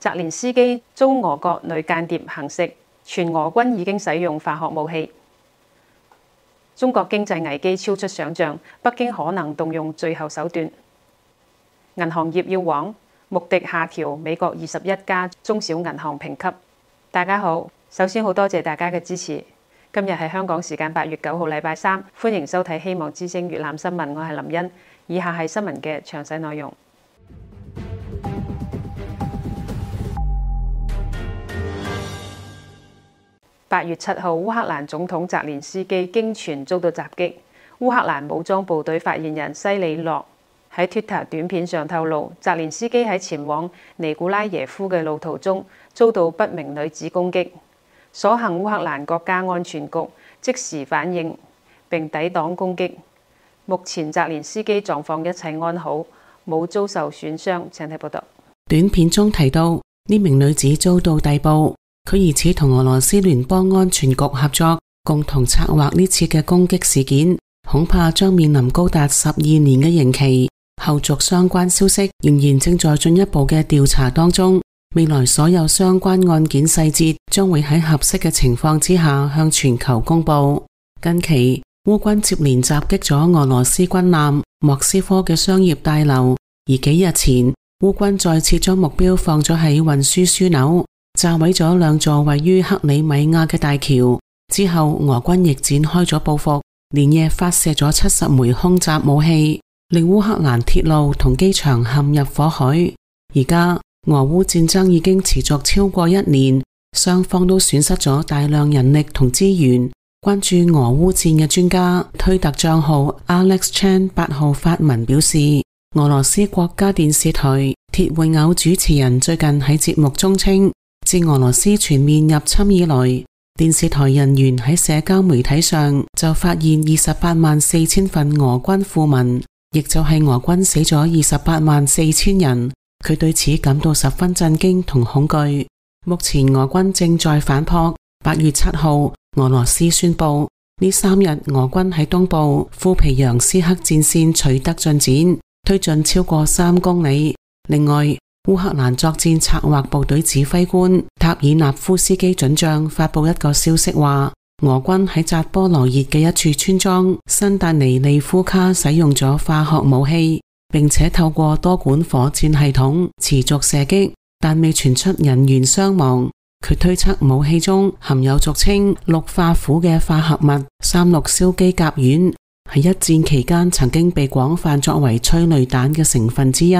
澤連斯基遭俄國女間諜行刺，傳俄軍已經使用化學武器。中國經濟危機超出想象，北京可能動用最後手段。銀行業要黃？穆迪下調美國二十一家中小銀行評級。大家好，首先好多謝大家嘅支持。今日係香港時間八月九號禮拜三，3，歡迎收睇希望之聲粵覽新聞。我係林茵。以下係新聞嘅詳細內容。八月七號，烏克蘭總統澤連斯基驚傳遭到襲擊。烏克蘭武裝部隊發言人西里洛喺 Twitter 短片上透露，澤連斯基喺前往尼古拉耶夫嘅路途中遭到不明女子攻擊。所幸烏克蘭國家安全局即時反應並抵擋攻擊，目前澤連斯基狀況一切安好，冇遭受損傷。請睇報道。短片中提到呢名女子遭到逮捕。佢疑似同俄羅斯聯邦安全局合作，共同策劃呢次嘅攻擊事件，恐怕將面臨高達十二年嘅刑期。後續相關消息仍然正在進一步嘅調查當中。未來所有相關案件細節將會喺合適嘅情況之下向全球公布。近期烏軍接連襲擊咗俄羅斯軍艦、莫斯科嘅商業大樓，而幾日前烏軍再次將目標放咗喺運輸樞紐。炸毀咗兩座位於克里米亞嘅大橋之後，俄軍亦展開咗報復，連夜發射咗七十枚空襲武器，令烏克蘭鐵路同機場陷入火海。而家俄烏戰爭已經持續超過一年，雙方都損失咗大量人力同資源。關注俄烏戰嘅專家推特賬號 Alex Chan 八號發文表示，俄羅斯國家電視台鐵匯偶主持人最近喺節目中稱。自俄羅斯全面入侵以來，電視台人員喺社交媒體上就發現二十八萬四千份俄軍訃聞，亦就係俄軍死咗二十八萬四千人。佢對此感到十分震驚同恐懼。目前俄軍正在反撲。八月七號，俄羅斯宣布呢三日俄軍喺東部庫皮揚斯克戰線取得進展，推進超過三公里。另外，烏克蘭作戰策劃部隊指揮官塔爾納夫斯基准將發布一個消息說，話俄軍喺扎波羅熱嘅一處村莊新達尼利夫卡使用咗化學武器，並且透過多管火箭系統持續射擊，但未傳出人員傷亡。佢推測武器中含有俗稱氯化苦嘅化合物三氯硝基甲烷，係一戰期間曾經被廣泛作為催淚彈嘅成分之一。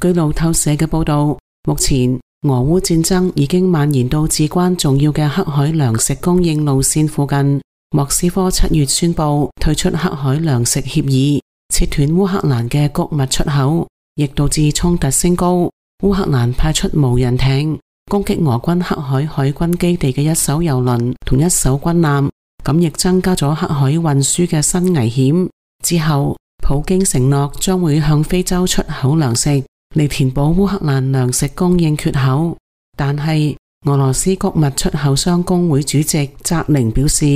據路透社嘅報道，目前俄烏戰爭已經蔓延到至關重要嘅黑海糧食供應路線附近。莫斯科七月宣布退出黑海糧食協議，切斷烏克蘭嘅穀物出口，亦導致衝突升高。烏克蘭派出無人艇攻擊俄軍黑海海軍基地嘅一艘油輪同一艘軍艦，咁亦增加咗黑海運輸嘅新危險。之後，普京承諾將會向非洲出口糧食。嚟填補烏克蘭糧食供應缺口，但係俄羅斯谷物出口商工會主席澤寧表示，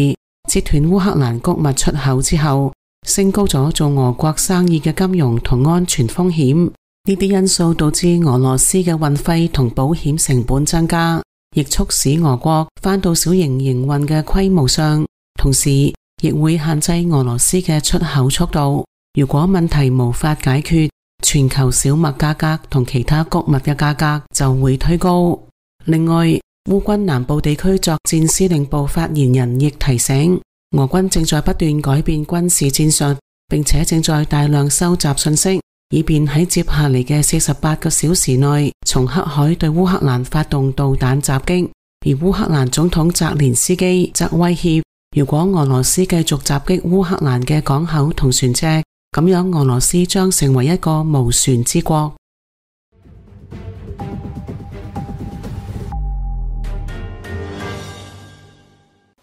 截斷烏克蘭谷物出口之後，升高咗做俄國生意嘅金融同安全風險。呢啲因素導致俄羅斯嘅運費同保險成本增加，亦促使俄國返到小型營運嘅規模上，同時亦會限制俄羅斯嘅出口速度。如果問題無法解決，全球小麥價格同其他谷物嘅價格就會推高。另外，烏軍南部地區作戰司令部發言人亦提醒，俄軍正在不斷改變軍事戰術，並且正在大量收集信息，以便喺接下嚟嘅四十八個小時內，從黑海對烏克蘭發動導彈襲擊。而烏克蘭總統澤連斯基則威脅，如果俄羅斯繼續襲擊烏克蘭嘅港口同船隻，咁樣，俄羅斯將成為一個無船之國。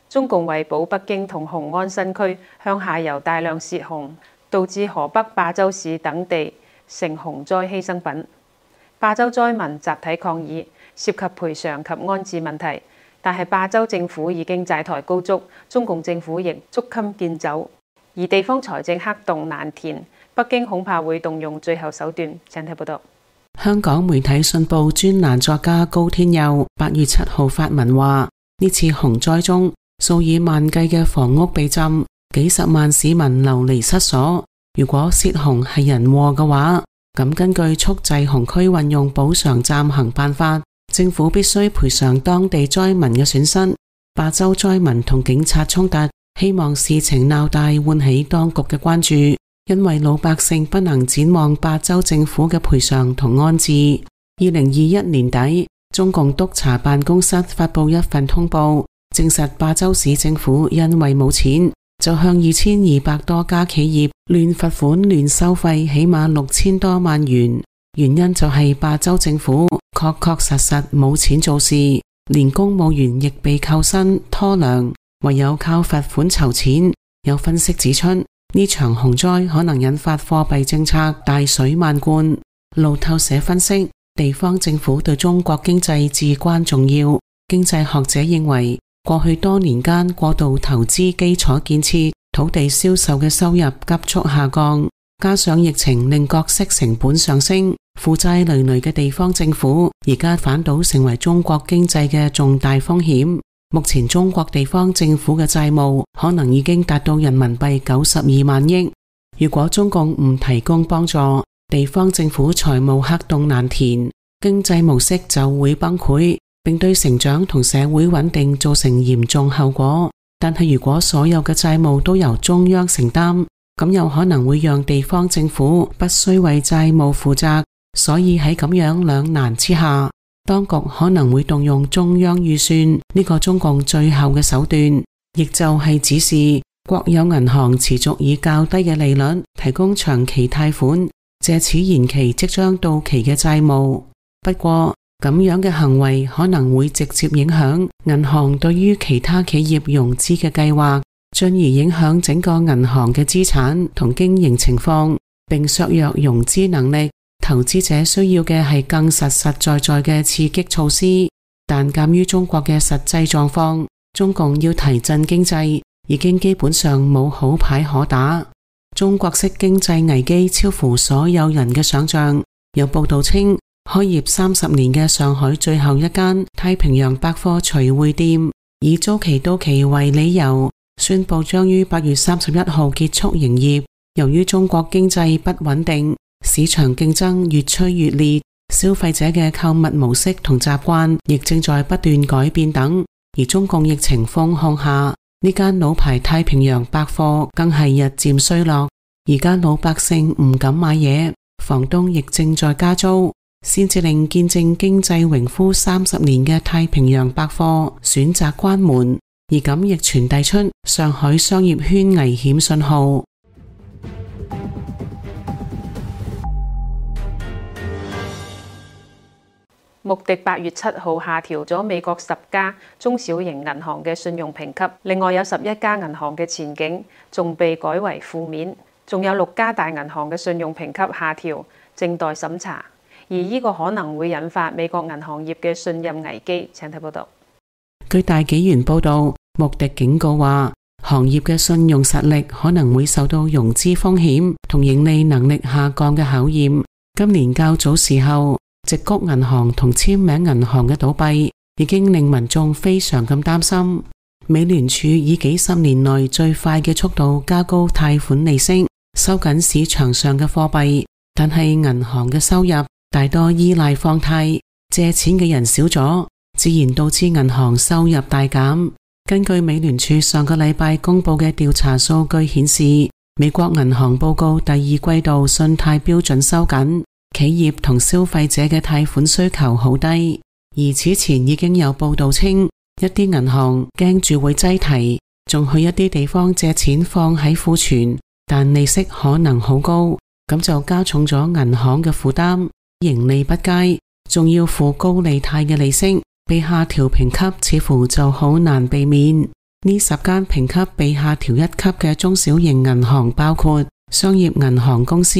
中共為保北京同雄安新區，向下游大量泄洪，導致河北霸州市等地成洪災犧牲品。霸州災民集體抗議，涉及賠償及安置問題，但係霸州政府已經債台高築，中共政府亦捉襟見肘。而地方財政黑洞難填，北京恐怕會動用最後手段。請睇報道，香港媒體信報專欄作家高天佑八月七號發文話：呢次洪災中，數以萬計嘅房屋被浸，幾十萬市民流離失所。如果泄洪係人禍嘅話，咁根據《蓄滯洪區運用補償暫行辦法》，政府必須賠償當地災民嘅損失。霸州災民同警察衝突。希望事情鬧大，喚起當局嘅關注，因為老百姓不能展望霸州政府嘅賠償同安置。二零二一年底，中共督察辦公室發佈一份通報，證實霸州市政府因為冇錢，就向二千二百多家企業亂罰款、亂收費，起碼六千多萬元。原因就係霸州政府確確實實冇錢做事，連公務員亦被扣薪拖糧。唯有靠罰款籌錢。有分析指出，呢場洪災可能引發貨幣政策大水漫灌。路透社分析，地方政府對中國經濟至關重要。經濟學者認為，過去多年間過度投資基礎建設、土地銷售嘅收入急速下降，加上疫情令利息成本上升，負債累累嘅地方政府而家反倒成為中國經濟嘅重大風險。目前中國地方政府嘅債務可能已經達到人民幣九十二萬億。如果中共唔提供幫助，地方政府財務黑洞難填，經濟模式就會崩潰，並對成長同社會穩定造成嚴重後果。但係如果所有嘅債務都由中央承擔，咁又可能會讓地方政府不需為債務負責，所以喺咁樣兩難之下。當局可能會動用中央預算，呢個中共最後嘅手段，亦就係指示國有銀行持續以較低嘅利率提供長期貸款，借此延期即將到期嘅債務。不過，咁樣嘅行為可能會直接影響銀行對於其他企業融資嘅計劃，進而影響整個銀行嘅資產同經營情況，並削弱融資能力。投資者需要嘅係更實實在在嘅刺激措施，但鑒於中國嘅實際狀況，中共要提振經濟已經基本上冇好牌可打。中國式經濟危機超乎所有人嘅想象。有報道稱，開業三十年嘅上海最後一間太平洋百貨徐匯店，以租期到期為理由，宣布將於八月三十一號結束營業。由於中國經濟不穩定。市場競爭越趨越烈，消費者嘅購物模式同習慣亦正在不斷改變等，而中共疫情風控下，呢間老牌太平洋百貨更係日漸衰落。而家老百姓唔敢買嘢，房東亦正在加租，先至令見證經濟榮枯三十年嘅太平洋百貨選擇關門，而咁亦傳遞出上海商業圈危險信號。穆迪八月七號下調咗美國十家中小型銀行嘅信用評級，另外有十一家銀行嘅前景仲被改為負面，仲有六家大銀行嘅信用評級下調，正待審查，而呢個可能會引發美國銀行業嘅信任危機。請睇報道。據大紀元報道，穆迪警告話，行業嘅信用實力可能會受到融資風險同盈利能力下降嘅考驗。今年較早時候，直矽銀行同簽名銀行嘅倒閉，已經令民眾非常咁擔心。美聯儲以幾十年內最快嘅速度加高貸款利息，收緊市場上嘅貨幣，但係銀行嘅收入大多依賴放貸，借錢嘅人少咗，自然導致銀行收入大減。根據美聯儲上個禮拜公布嘅調查數據顯示，美國銀行報告第二季度信貸標準收緊。企業同消費者嘅貸款需求好低，而此前已經有報道稱，一啲銀行驚住會擠提，仲去一啲地方借錢放喺庫存，但利息可能好高，咁就加重咗銀行嘅負擔，盈利不佳，仲要付高利貸嘅利息，被下調評級似乎就好難避免。呢十間評級被下調一級嘅中小型銀行，包括商業銀行公司。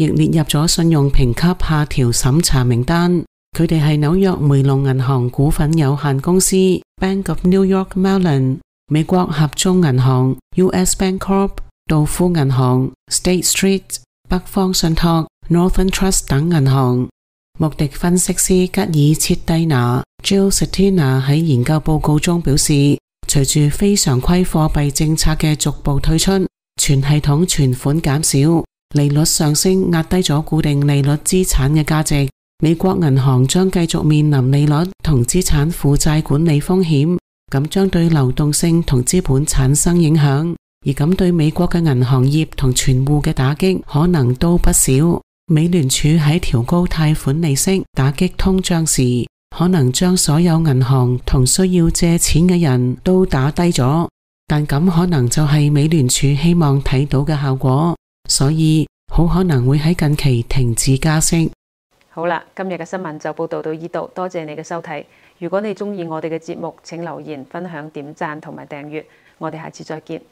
亦列入咗信用評級下調審查名單。佢哋係紐約梅隆銀行股份有限公司 （Bank of New York Mellon）、美國合眾銀行 （U.S. Bank Corp）、道富銀行 （State Street）、北方信託 （Northern Trust） 等銀行。穆迪分析師吉爾切蒂娜 （Jill Cetina） 喺研究報告中表示，隨住非常規貨幣政策嘅逐步退出，全系統存款減少，利率上升壓低咗固定利率資產嘅價值，美國銀行將繼續面臨利率同資產負債管理風險，咁將對流動性同資本產生影響，而咁對美國嘅銀行業同存戶嘅打擊可能都不少。美聯儲喺調高貸款利息打擊通脹時，可能將所有銀行同需要借錢嘅人都打低咗，但咁可能就係美聯儲希望睇到嘅效果。所以，好可能會喺近期停止加息。好啦，今日嘅新聞就報道到呢度，多謝你嘅收睇。如果你中意我哋嘅節目，請留言、分享、點讚同埋訂閱。我哋下次再見。